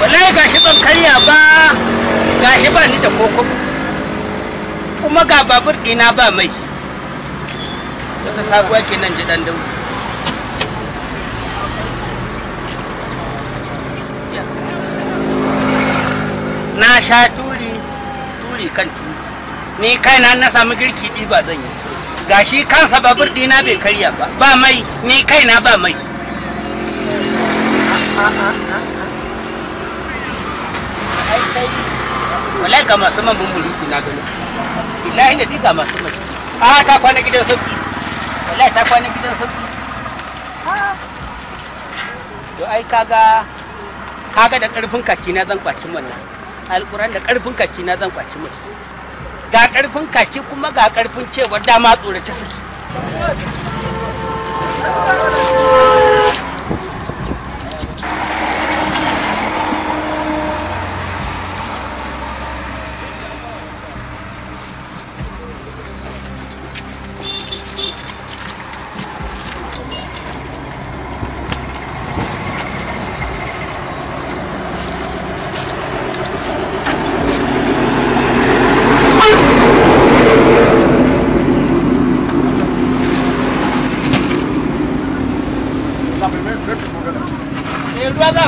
wallahi gashi ban karya ba gashi ba ni da koko kuma ga babur ɗina ba mai wata sabuwa kenan ji dan dau na sha turi turi kan turi ni kaina na samu girki ɗi ba zan yi gashi kansa babur ɗina bai karya ba ba mai ni kaina ba mai ai wallahi ga masu man bumburuki na gano billahi da diga masu man a ta kwana gidan sauki wallahi ta kwana gidan sauki to ai kaga kaga da karfin kaki na zan kwaci wannan alquran da karfin kaki na zan kwaci mai ga karfin kaki kuma ga karfin cewar dama tsorace suke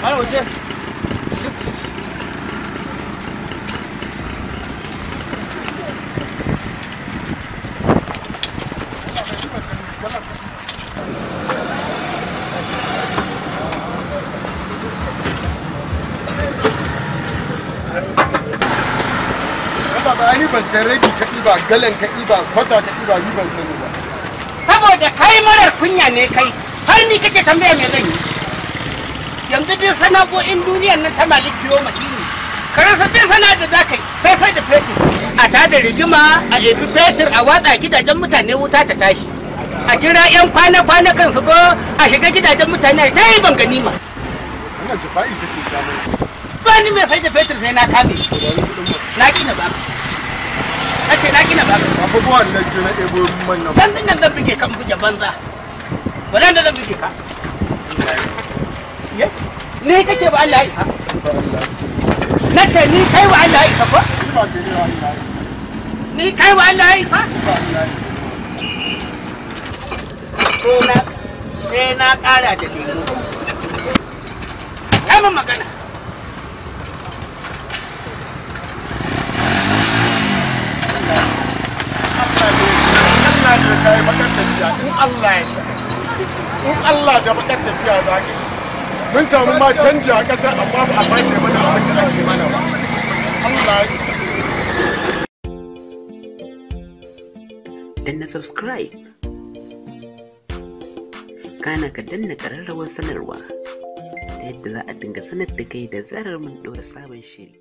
Hadi hoca. ban san rabi ka ɗiba galan ka ɗiba kwata ka ɗiba ni ban sani ba. Saboda kai marar kunya ne kai har ni kake tambaya me zan yi. yanzu dai sana'o'in duniyar nan ta likiyo madini ka rasa dai sana'ar da za ka yi sai sai da fetur a ta da rigima a ebi fetur a watsa gidajen mutane wuta ta tashi a jira yan kwana kwana kan su go a shiga gidajen mutane ta yi ban ganima wannan ba ni mai sai da fetur sai na kame na kina ba na ce na kina ba abubuwan da ke na ebo manyan banzan nan zan bige kan buge banza wadanda zan bige ka ni kake Allah ya ce ni kai wa Allah ya ni kai wa Allah ya sai na kara da lego kama magana Allah ya in Allah da bakar tafiya za ka mun samu ma canji a ƙasa amma babu a bayyana mana abin da ake mana ba Allah ya isa danna subscribe kana ka danna ƙararrawar sanarwa ta yadda za a dinga sanar da kai da zarar mun ɗora sabon shiri